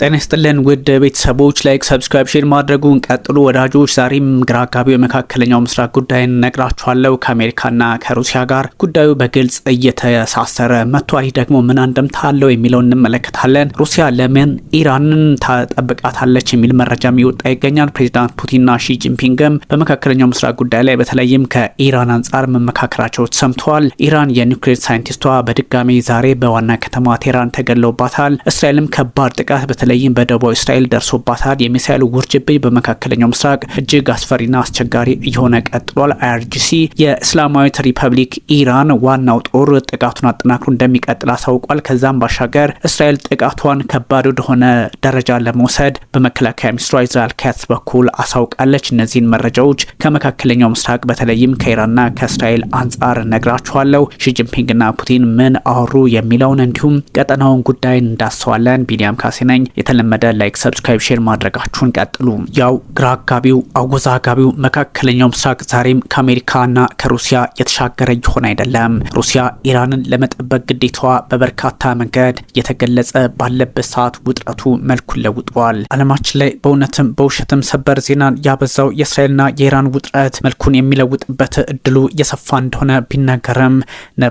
ጤና ይስጥልን ውድ ቤተሰቦች፣ ላይክ ሰብስክራይብ፣ ሼር ማድረጉን ቀጥሉ ወዳጆች። ዛሬም ግራ አጋቢ የመካከለኛው ምስራቅ ጉዳይን ነግራችኋለሁ። ከአሜሪካና ከሩሲያ ጋር ጉዳዩ በግልጽ እየተሳሰረ መጥቷል። ይህ ደግሞ ምን አንድምታ አለው የሚለው እንመለከታለን። ሩሲያ ለምን ኢራንን ታጠብቃታለች የሚል መረጃ የሚወጣ ይገኛል። ፕሬዚዳንት ፑቲንና ሺ ጂንፒንግም በመካከለኛው ምስራቅ ጉዳይ ላይ በተለይም ከኢራን አንጻር መመካከራቸው ተሰምተዋል። ኢራን የኒውክሌር ሳይንቲስቷ በድጋሚ ዛሬ በዋና ከተማ ቴህራን ተገለውባታል። እስራኤልም ከባድ ጥቃት በተለይም በደቡባዊ እስራኤል ደርሶባታል። የሚሳኤል ውርጅብኝ በመካከለኛው ምስራቅ እጅግ አስፈሪና አስቸጋሪ እየሆነ ቀጥሏል። አይአርጂሲ የእስላማዊት ሪፐብሊክ ኢራን ዋናው ጦር ጥቃቱን አጠናክሮ እንደሚቀጥል አሳውቋል። ከዛም ባሻገር እስራኤል ጥቃቷን ከባድ ወደሆነ ደረጃ ለመውሰድ በመከላከያ ሚኒስትሯ ኢዝራኤል ካትዝ በኩል አሳውቃለች። እነዚህን መረጃዎች ከመካከለኛው ምስራቅ በተለይም ከኢራንና ከእስራኤል አንጻር ነግራችኋለሁ። ሺጂንፒንግና ፑቲን ምን አወሩ የሚለውን እንዲሁም ቀጠናውን ጉዳይ እንዳሰዋለን። ቢኒያም ካሴ ነኝ። የተለመደ ላይክ፣ ሰብስክራይብ፣ ሼር ማድረጋችሁን ቀጥሉ። ያው ግራ አጋቢው አወዛጋቢው መካከለኛው ምስራቅ ዛሬም ከአሜሪካና ከሩሲያ የተሻገረ ይሆን አይደለም። ሩሲያ ኢራንን ለመጠበቅ ግዴታዋ በበርካታ መንገድ የተገለጸ ባለበት ሰዓት ውጥረቱ መልኩን ለውጧል። አለማችን ላይ በእውነትም በውሸትም ሰበር ዜናን ያበዛው የእስራኤልና የኢራን ውጥረት መልኩን የሚለውጥበት እድሉ እየሰፋ እንደሆነ ቢነገርም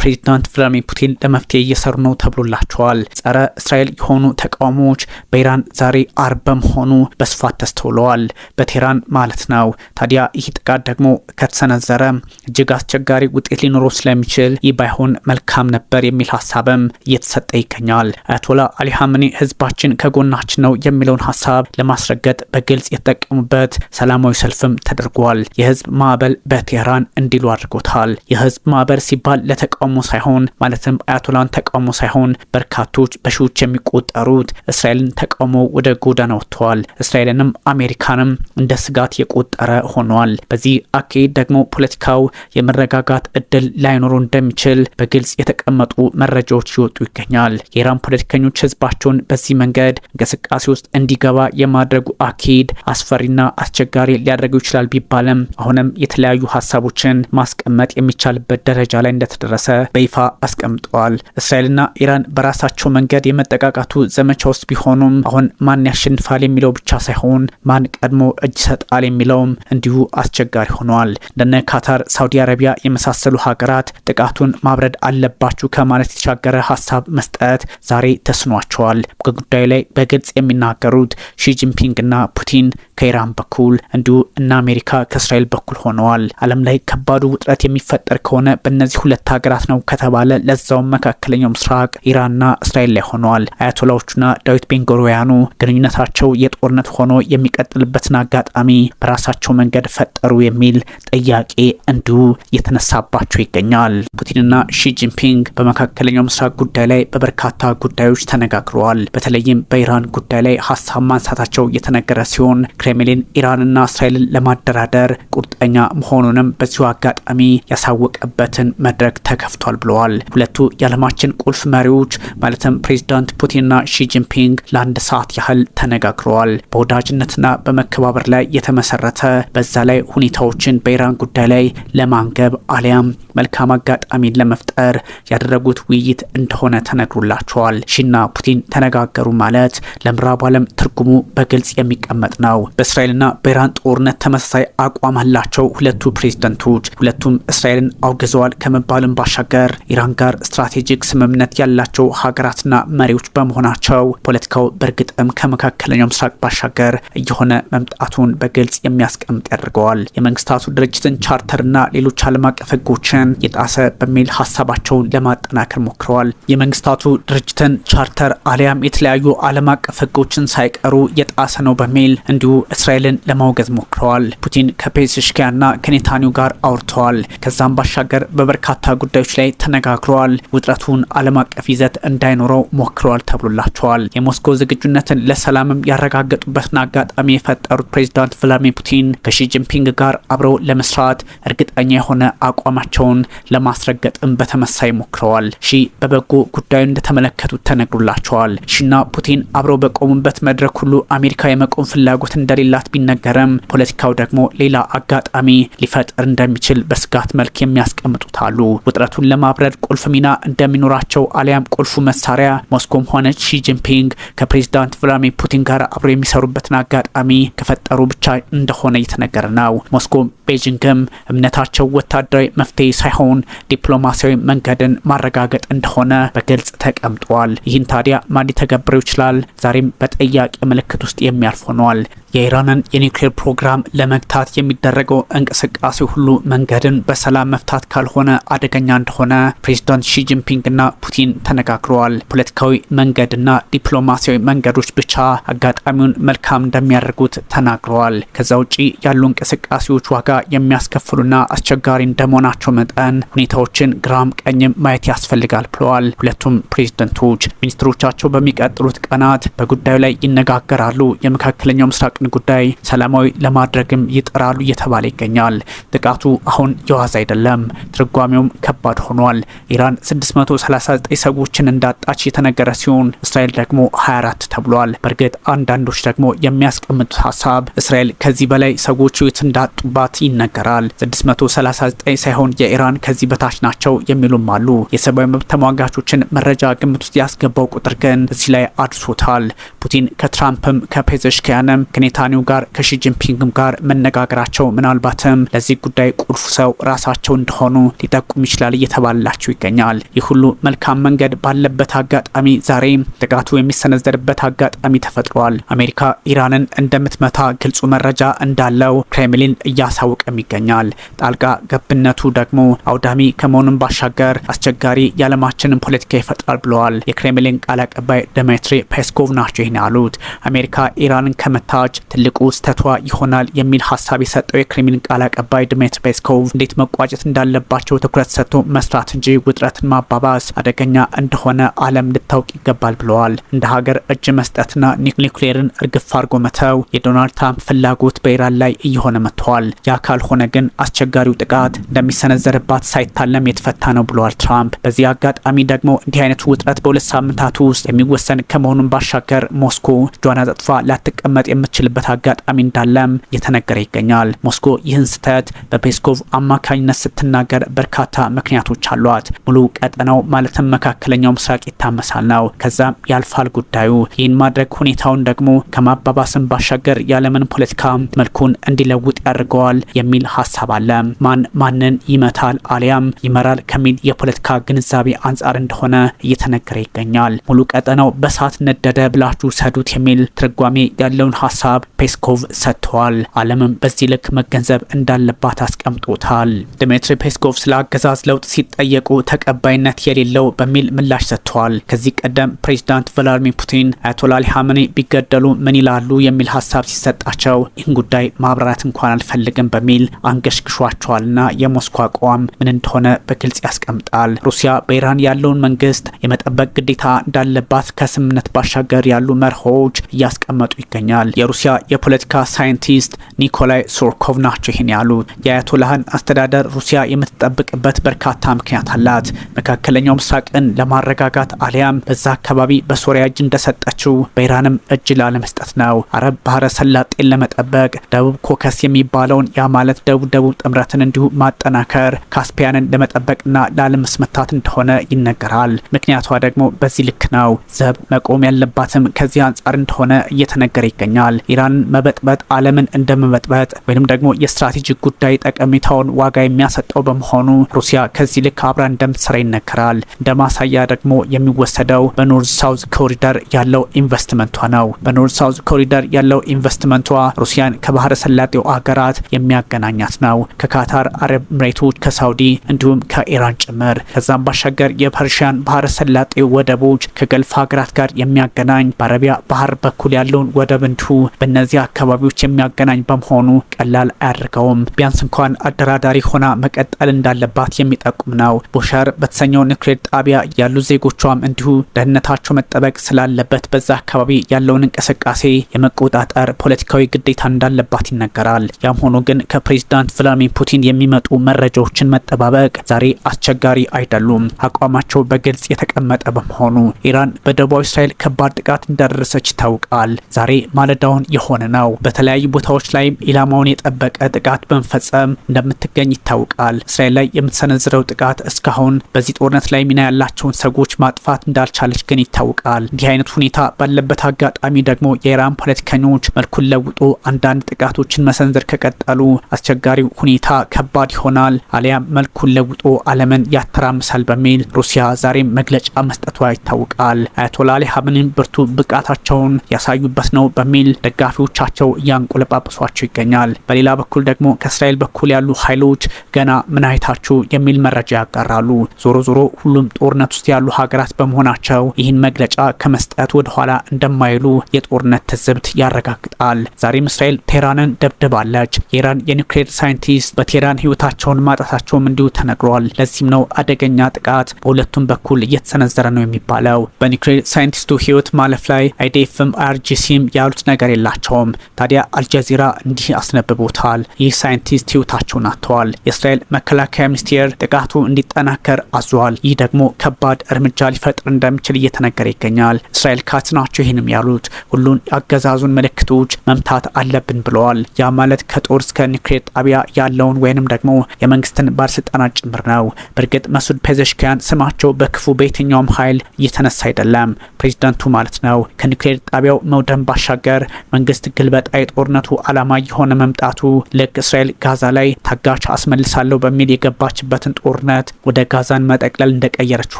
ፕሬዚዳንት ቭላድሚር ፑቲን ለመፍትሄ እየሰሩ ነው ተብሎላቸዋል። ጸረ እስራኤል የሆኑ ተቃውሞዎች በኢራን ዛሬ አርብ በመሆኑ በስፋት ተስተውለዋል፣ በቴህራን ማለት ነው። ታዲያ ይህ ጥቃት ደግሞ ከተሰነዘረ እጅግ አስቸጋሪ ውጤት ሊኖረው ስለሚችል ይህ ባይሆን መልካም ነበር የሚል ሀሳብም እየተሰጠ ይገኛል። አያቶላ አሊ ሀምኔ ህዝባችን ከጎናችን ነው የሚለውን ሀሳብ ለማስረገጥ በግልጽ የተጠቀሙበት ሰላማዊ ሰልፍም ተደርጓል። የህዝብ ማዕበል በቴህራን እንዲሉ አድርጎታል። የህዝብ ማዕበል ሲባል ለተቃውሞ ሳይሆን ማለትም አያቶላን ተቃውሞ ሳይሆን በርካቶች በሺዎች የሚቆጠሩት እስራኤልን ተቃውሞ ወደ ጎዳና ወጥተዋል። እስራኤልንም አሜሪካንም እንደ ስጋት የቆጠረ ሆኗል። በዚህ አካሄድ ደግሞ ፖለቲካው የመረጋጋት እድል ላይኖሩ እንደሚችል በግልጽ የተቀመጡ መረጃዎች ይወጡ ይገኛል። የኢራን ፖለቲከኞች ህዝባቸውን በዚህ መንገድ እንቅስቃሴ ውስጥ እንዲገባ የማድረጉ አካሄድ አስፈሪና አስቸጋሪ ሊያደርገው ይችላል ቢባልም አሁንም የተለያዩ ሀሳቦችን ማስቀመጥ የሚቻልበት ደረጃ ላይ እንደተደረሰ በይፋ አስቀምጠዋል። እስራኤልና ኢራን በራሳቸው መንገድ የመጠቃቃቱ ዘመቻ ውስጥ ቢሆኑ ሆኖም አሁን ማን ያሸንፋል የሚለው ብቻ ሳይሆን ማን ቀድሞ እጅ ይሰጣል የሚለውም እንዲሁ አስቸጋሪ ሆኗል። እንደነ ካታር፣ ሳውዲ አረቢያ የመሳሰሉ ሀገራት ጥቃቱን ማብረድ አለባችሁ ከማለት የተሻገረ ሀሳብ መስጠት ዛሬ ተስኗቸዋል። በጉዳዩ ላይ በግልጽ የሚናገሩት ሺጂንፒንግና ፑቲን ከኢራን በኩል እንዲሁ እና አሜሪካ ከእስራኤል በኩል ሆነዋል። ዓለም ላይ ከባዱ ውጥረት የሚፈጠር ከሆነ በእነዚህ ሁለት ሀገራት ነው ከተባለ ለዛውም መካከለኛው ምስራቅ ኢራንና እስራኤል ላይ ሆነዋል። አያቶላዎቹና ዳዊት ቤንጎሮያኑ ግንኙነታቸው የጦርነት ሆኖ የሚቀጥልበትን አጋጣሚ በራሳቸው መንገድ ፈጠሩ የሚል ጥያቄ እንዲሁ የተነሳባቸው ይገኛል። ፑቲንና ጂንፒንግ በመካከለኛው ምስራቅ ጉዳይ ላይ በበርካታ ጉዳዮች ተነጋግረዋል። በተለይም በኢራን ጉዳይ ላይ ሀሳብ ማንሳታቸው የተነገረ ሲሆን ክሬምሊን ኢራንና እስራኤልን ለማደራደር ቁርጠኛ መሆኑንም በዚሁ አጋጣሚ ያሳወቀበትን መድረክ ተከፍቷል ብለዋል። ሁለቱ የዓለማችን ቁልፍ መሪዎች ማለትም ፕሬዚዳንት ፑቲንና ሺጂንፒንግ ለአንድ ሰዓት ያህል ተነጋግረዋል። በወዳጅነትና በመከባበር ላይ የተመሰረተ በዛ ላይ ሁኔታዎችን በኢራን ጉዳይ ላይ ለማንገብ አሊያም መልካም አጋጣሚን ለመፍጠር ያደረጉት ውይይት እንደሆነ ተነግሮላቸዋል። ሺና ፑቲን ተነጋገሩ ማለት ለምዕራብ ዓለም ትርጉሙ በግልጽ የሚቀመጥ ነው። በእስራኤልና በኢራን ጦርነት ተመሳሳይ አቋም አላቸው ሁለቱ ፕሬዝደንቶች። ሁለቱም እስራኤልን አውግዘዋል ከመባልም ባሻገር ኢራን ጋር ስትራቴጂክ ስምምነት ያላቸው ሀገራትና መሪዎች በመሆናቸው ፖለቲካው በእርግጥም ከመካከለኛው ምስራቅ ባሻገር እየሆነ መምጣቱን በግልጽ የሚያስቀምጥ ያደርገዋል። የመንግስታቱ ድርጅትን ቻርተርና ሌሎች ዓለም አቀፍ ህጎችን የጣሰ በሚል ሀሳባቸውን ለማጠናከር ሞክረዋል። የመንግስታቱ ድርጅትን ቻርተር አሊያም የተለያዩ ዓለም አቀፍ ህጎችን ሳይቀሩ የጣሰ ነው በሚል እንዲሁ እስራኤልን ለማውገዝ ሞክረዋል። ፑቲን ከፔስሽኪያና ከኔታኒው ጋር አውርተዋል። ከዛም ባሻገር በበርካታ ጉዳዮች ላይ ተነጋግረዋል። ውጥረቱን ዓለም አቀፍ ይዘት እንዳይኖረው ሞክረዋል ተብሎላቸዋል። የሞስኮ ዝግጁነትን ለሰላምም ያረጋገጡበትን አጋጣሚ የፈጠሩት ፕሬዚዳንት ቭላድሚር ፑቲን ከሺጂንፒንግ ጋር አብረው ለመስራት እርግጠኛ የሆነ አቋማቸውን ለማስረገጥም በተመሳይ ሞክረዋል። ሺ በበጎ ጉዳዩ እንደተመለከቱት ተነግሮላቸዋል። ሺና ፑቲን አብረው በቆሙበት መድረክ ሁሉ አሜሪካ የመቆም ፍላጎት እንደ እንደሌላት ቢነገርም ፖለቲካው ደግሞ ሌላ አጋጣሚ ሊፈጥር እንደሚችል በስጋት መልክ የሚያስቀምጡት አሉ። ውጥረቱን ለማብረድ ቁልፍ ሚና እንደሚኖራቸው አሊያም ቁልፉ መሳሪያ ሞስኮም ሆነ ሺጂንፒንግ ከፕሬዚዳንት ቭላድሚር ፑቲን ጋር አብረው የሚሰሩበትን አጋጣሚ ከፈጠሩ ብቻ እንደሆነ እየተነገረ ነው። ሞስኮም ቤጂንግም እምነታቸው ወታደራዊ መፍትሄ ሳይሆን ዲፕሎማሲያዊ መንገድን ማረጋገጥ እንደሆነ በግልጽ ተቀምጧል። ይህን ታዲያ ማን ሊተገብረው ይችላል? ዛሬም በጥያቄ ምልክት ውስጥ የሚያልፍ ሆኗል። የኢራንን የኒውክሌር ፕሮግራም ለመግታት የሚደረገው እንቅስቃሴ ሁሉ መንገድን በሰላም መፍታት ካልሆነ አደገኛ እንደሆነ ፕሬዚዳንት ሺጂንፒንግና ፑቲን ተነጋግረዋል። ፖለቲካዊ መንገድና ዲፕሎማሲያዊ መንገዶች ብቻ አጋጣሚውን መልካም እንደሚያደርጉት ተናግረዋል። ከዛ ውጪ ያሉ እንቅስቃሴዎች ዋጋ የሚያስከፍሉና አስቸጋሪ እንደመሆናቸው መጠን ሁኔታዎችን ግራም ቀኝም ማየት ያስፈልጋል ብለዋል። ሁለቱም ፕሬዝደንቶች ሚኒስትሮቻቸው በሚቀጥሉት ቀናት በጉዳዩ ላይ ይነጋገራሉ። የመካከለኛው ምስራቅን ጉዳይ ሰላማዊ ለማድረግም ይጥራሉ እየተባለ ይገኛል። ጥቃቱ አሁን የዋዛ አይደለም፣ ትርጓሜውም ከባድ ሆኗል። ኢራን 639 ሰዎችን እንዳጣች የተነገረ ሲሆን እስራኤል ደግሞ 24 ተብሏል። በእርግጥ አንዳንዶች ደግሞ የሚያስቀምጡት ሀሳብ እስራኤል ከዚህ በላይ ሰዎች ሕይወት እንዳጡባት ይነገራል። 639 ሳይሆን የኢራን ከዚህ በታች ናቸው የሚሉም አሉ። የሰብአዊ መብት ተሟጋቾችን መረጃ ግምት ውስጥ ያስገባው ቁጥር ግን እዚህ ላይ አድርሶታል። ፑቲን ከትራምፕም ከፔዘሽኪያንም ከኔታኒው ጋር ከሺጂንፒንግም ጋር መነጋገራቸው ምናልባትም ለዚህ ጉዳይ ቁልፍ ሰው ራሳቸው እንደሆኑ ሊጠቁም ይችላል እየተባላቸው ይገኛል። ይህ ሁሉ መልካም መንገድ ባለበት አጋጣሚ ዛሬ ጥቃቱ የሚሰነዘርበት አጋጣሚ ተፈጥሯል። አሜሪካ ኢራንን እንደምትመታ ግልጹ መረጃ እንዳለው ክሬምሊን እያሳወቀ እየታወቀም ይገኛል። ጣልቃ ገብነቱ ደግሞ አውዳሚ ከመሆኑን ባሻገር አስቸጋሪ የዓለማችንን ፖለቲካ ይፈጥራል ብለዋል። የክሬምሊን ቃል አቀባይ ድሚትሪ ፔስኮቭ ናቸው ይህን ያሉት። አሜሪካ ኢራንን ከመታች ትልቁ ስተቷ ይሆናል የሚል ሀሳብ የሰጠው የክሬምሊን ቃል አቀባይ ድሚትሪ ፔስኮቭ እንዴት መቋጨት እንዳለባቸው ትኩረት ሰጥቶ መስራት እንጂ ውጥረትን ማባባስ አደገኛ እንደሆነ ዓለም ልታውቅ ይገባል ብለዋል። እንደ ሀገር እጅ መስጠትና ኒውክሌርን እርግፍ አድርጎ መተው የዶናልድ ትራምፕ ፍላጎት በኢራን ላይ እየሆነ መጥተዋል። ካልሆነ ግን አስቸጋሪው ጥቃት እንደሚሰነዘርባት ሳይታለም የተፈታ ነው ብለዋል ትራምፕ። በዚህ አጋጣሚ ደግሞ እንዲህ አይነቱ ውጥረት በሁለት ሳምንታት ውስጥ የሚወሰን ከመሆኑን ባሻገር ሞስኮ እጇን አጣጥፋ ላትቀመጥ የምትችልበት አጋጣሚ እንዳለም እየተነገረ ይገኛል። ሞስኮ ይህን ስህተት በፔስኮቭ አማካኝነት ስትናገር በርካታ ምክንያቶች አሏት። ሙሉ ቀጠናው ማለትም መካከለኛው ምስራቅ ይታመሳል ነው፣ ከዛም ያልፋል ጉዳዩ። ይህን ማድረግ ሁኔታውን ደግሞ ከማባባስን ባሻገር ያለምን ፖለቲካ መልኩን እንዲለውጥ ያደርገዋል። የሚል ሀሳብ አለ። ማን ማንን ይመታል አሊያም ይመራል ከሚል የፖለቲካ ግንዛቤ አንጻር እንደሆነ እየተነገረ ይገኛል። ሙሉ ቀጠናው በሳት ነደደ ብላችሁ ሰዱት የሚል ትርጓሜ ያለውን ሀሳብ ፔስኮቭ ሰጥተዋል። ዓለምም በዚህ ልክ መገንዘብ እንዳለባት አስቀምጦታል። ድሜትሪ ፔስኮቭ ስለ አገዛዝ ለውጥ ሲጠየቁ ተቀባይነት የሌለው በሚል ምላሽ ሰጥተዋል። ከዚህ ቀደም ፕሬዚዳንት ቨላድሚር ፑቲን አያቶላ አሊ ሀመኔ ቢገደሉ ምን ይላሉ የሚል ሀሳብ ሲሰጣቸው ይህን ጉዳይ ማብራራት እንኳን አልፈልግም በሚል አንገሽግሿቸዋልና የሞስኮ አቋም ምን እንደሆነ በግልጽ ያስቀምጣል። ሩሲያ በኢራን ያለውን መንግስት የመጠበቅ ግዴታ እንዳለባት ከስምምነት ባሻገር ያሉ መርሆዎች እያስቀመጡ ይገኛል። የሩሲያ የፖለቲካ ሳይንቲስት ኒኮላይ ሶርኮቭ ናቸው ይህን ያሉት። የአያቶላህን አስተዳደር ሩሲያ የምትጠብቅበት በርካታ ምክንያት አላት። መካከለኛው ምስራቅን ለማረጋጋት አሊያም በዛ አካባቢ በሶሪያ እጅ እንደሰጠችው በኢራንም እጅ ላለመስጠት ነው። አረብ ባህረ ሰላጤን ለመጠበቅ ደቡብ ኮከስ የሚባለውን ማለት ደቡብ ደቡብ ጥምረትን እንዲሁ ማጠናከር ካስፒያንን ለመጠበቅና ላለመስመታት እንደሆነ ይነገራል። ምክንያቷ ደግሞ በዚህ ልክ ነው። ዘብ መቆም ያለባትም ከዚህ አንጻር እንደሆነ እየተነገረ ይገኛል። ኢራንን መበጥበጥ ዓለምን እንደመበጥበጥ ወይም ደግሞ የስትራቴጂክ ጉዳይ ጠቀሜታውን ዋጋ የሚያሰጠው በመሆኑ ሩሲያ ከዚህ ልክ አብራ እንደምትሰራ ይነገራል። እንደ ማሳያ ደግሞ የሚወሰደው በኖርዝ ሳውዝ ኮሪደር ያለው ኢንቨስትመንቷ ነው። በኖርዝ ሳውዝ ኮሪደር ያለው ኢንቨስትመንቷ ሩሲያን ከባህረ ሰላጤው አገራት የሚያ የሚያገናኛት ነው። ከካታር አረብ ኤምሬቶች፣ ከሳውዲ እንዲሁም ከኢራን ጭምር። ከዛም ባሻገር የፐርሺያን ባህረ ሰላጤ ወደቦች ከገልፍ ሀገራት ጋር የሚያገናኝ በአረቢያ ባህር በኩል ያለውን ወደብ እንዲሁ በእነዚህ አካባቢዎች የሚያገናኝ በመሆኑ ቀላል አያደርገውም። ቢያንስ እንኳን አደራዳሪ ሆና መቀጠል እንዳለባት የሚጠቁም ነው። ቦሸር በተሰኘው ኒውክሌር ጣቢያ ያሉ ዜጎቿም እንዲሁ ደህንነታቸው መጠበቅ ስላለበት በዛ አካባቢ ያለውን እንቅስቃሴ የመቆጣጠር ፖለቲካዊ ግዴታ እንዳለባት ይነገራል። ያም ሆኖ ግን ከፕሬዚዳንት ቭላድሚር ፑቲን የሚመጡ መረጃዎችን መጠባበቅ ዛሬ አስቸጋሪ አይደሉም። አቋማቸው በግልጽ የተቀመጠ በመሆኑ ኢራን በደቡባዊ እስራኤል ከባድ ጥቃት እንዳደረሰች ይታወቃል። ዛሬ ማለዳውን የሆነ ነው። በተለያዩ ቦታዎች ላይም ኢላማውን የጠበቀ ጥቃት በመፈጸም እንደምትገኝ ይታወቃል። እስራኤል ላይ የምትሰነዝረው ጥቃት እስካሁን በዚህ ጦርነት ላይ ሚና ያላቸውን ሰዎች ማጥፋት እንዳልቻለች ግን ይታወቃል። እንዲህ አይነት ሁኔታ ባለበት አጋጣሚ ደግሞ የኢራን ፖለቲከኞች መልኩን ለውጦ አንዳንድ ጥቃቶችን መሰንዘር ከቀጠሉ አስቸጋሪው ሁኔታ ከባድ ይሆናል አሊያም መልኩን ለውጦ ዓለምን ያተራምሳል በሚል ሩሲያ ዛሬም መግለጫ መስጠቷ ይታወቃል። አያቶላ አሊ ሀምኒን ብርቱ ብቃታቸውን ያሳዩበት ነው በሚል ደጋፊዎቻቸው እያንቆለጳጵሷቸው ይገኛል። በሌላ በኩል ደግሞ ከእስራኤል በኩል ያሉ ኃይሎች ገና ምን አይታችሁ የሚል መረጃ ያጋራሉ። ዞሮ ዞሮ ሁሉም ጦርነት ውስጥ ያሉ ሀገራት በመሆናቸው ይህን መግለጫ ከመስጠት ወደኋላ እንደማይሉ የጦርነት ትዝብት ያረጋግጣል። ዛሬም እስራኤል ቴህራንን ደብድባለች። የኢራን የኒውክሌር ሳይንቲስት በቴህራን ህይወታቸውን ማጣታቸውም እንዲሁ ተነግሯል። ለዚህም ነው አደገኛ ጥቃት በሁለቱም በኩል እየተሰነዘረ ነው የሚባለው። በኒውክሌር ሳይንቲስቱ ህይወት ማለፍ ላይ አይዲኤፍም አርጂሲም ያሉት ነገር የላቸውም። ታዲያ አልጀዚራ እንዲህ አስነብቦታል። ይህ ሳይንቲስት ህይወታቸውን አጥተዋል። የእስራኤል መከላከያ ሚኒስቴር ጥቃቱ እንዲጠናከር አዟል። ይህ ደግሞ ከባድ እርምጃ ሊፈጥር እንደሚችል እየተነገረ ይገኛል። እስራኤል ካት ናቸው ይህንም ያሉት ሁሉን አገዛዙን ምልክቶች መምታት አለብን ብለዋል። ያ ማለት ከጦር እስከ የኒውክሌር ጣቢያ ያለውን ወይንም ደግሞ የመንግስትን ባለስልጣናት ጭምር ነው። በእርግጥ መሱድ ፔዘሽኪያን ስማቸው በክፉ በየትኛውም ኃይል እየተነሳ አይደለም፣ ፕሬዚዳንቱ ማለት ነው። ከኒውክሌር ጣቢያው መውደም ባሻገር መንግስት ግልበጣ የጦርነቱ አላማ የሆነ መምጣቱ ልክ እስራኤል ጋዛ ላይ ታጋች አስመልሳለሁ በሚል የገባችበትን ጦርነት ወደ ጋዛን መጠቅለል እንደቀየረች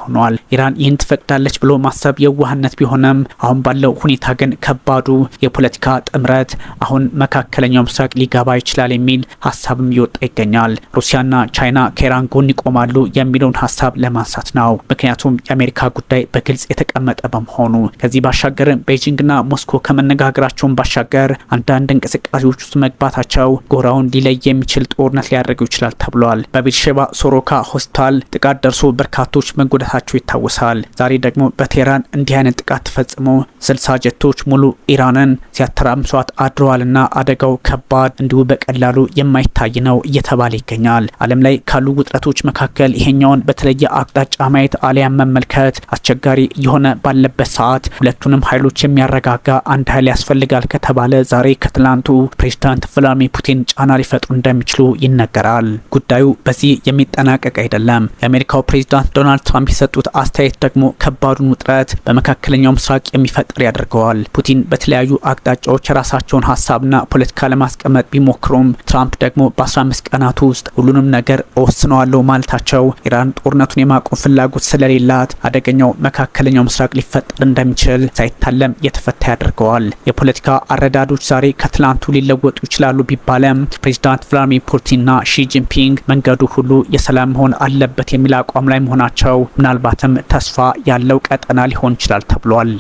ሆኗል። ኢራን ይህን ትፈቅዳለች ብሎ ማሰብ የዋህነት ቢሆንም አሁን ባለው ሁኔታ ግን ከባዱ የፖለቲካ ጥምረት አሁን መካከለኛው ምስራቅ ሊገባ ይችላል የሚ የሚል ሀሳብም እየወጣ ይገኛል። ሩሲያና ቻይና ከኢራን ጎን ይቆማሉ የሚለውን ሀሳብ ለማንሳት ነው። ምክንያቱም የአሜሪካ ጉዳይ በግልጽ የተቀመጠ በመሆኑ ከዚህ ባሻገርም ቤጂንግና ሞስኮ ከመነጋገራቸውን ባሻገር አንዳንድ እንቅስቃሴዎች ውስጥ መግባታቸው ጎራውን ሊለይ የሚችል ጦርነት ሊያደርገው ይችላል ተብሏል። በቤርሼባ ሶሮካ ሆስፒታል ጥቃት ደርሶ በርካቶች መጎዳታቸው ይታወሳል። ዛሬ ደግሞ በቴህራን እንዲህ አይነት ጥቃት ተፈጽሞ ስልሳ ጀቶች ሙሉ ኢራንን ሲያተራምሷት አድረዋልና አደጋው ከባድ እንዲሁ በቀላል በቀላሉ የማይታይ ነው እየተባለ ይገኛል። ዓለም ላይ ካሉ ውጥረቶች መካከል ይሄኛውን በተለየ አቅጣጫ ማየት አሊያም መመልከት አስቸጋሪ የሆነ ባለበት ሰዓት ሁለቱንም ኃይሎች የሚያረጋጋ አንድ ኃይል ያስፈልጋል ከተባለ ዛሬ ከትላንቱ ፕሬዚዳንት ቭላድሚር ፑቲን ጫና ሊፈጥሩ እንደሚችሉ ይነገራል። ጉዳዩ በዚህ የሚጠናቀቅ አይደለም። የአሜሪካው ፕሬዚዳንት ዶናልድ ትራምፕ የሰጡት አስተያየት ደግሞ ከባዱን ውጥረት በመካከለኛው ምስራቅ የሚፈጠር ያደርገዋል። ፑቲን በተለያዩ አቅጣጫዎች የራሳቸውን ሀሳብና ፖለቲካ ለማስቀመጥ ቢሞክሩም ትራምፕ ደግሞ በ15 ቀናት ውስጥ ሁሉንም ነገር ወስነዋለሁ ማለታቸው ኢራን ጦርነቱን የማቆም ፍላጎት ስለሌላት አደገኛው መካከለኛው ምስራቅ ሊፈጠር እንደሚችል ሳይታለም የተፈታ ያደርገዋል። የፖለቲካ አረዳዶች ዛሬ ከትላንቱ ሊለወጡ ይችላሉ ቢባለም ፕሬዚዳንት ቭላዲሚር ፑቲንና ሺጂንፒንግ መንገዱ ሁሉ የሰላም መሆን አለበት የሚል አቋም ላይ መሆናቸው ምናልባትም ተስፋ ያለው ቀጠና ሊሆን ይችላል ተብሏል።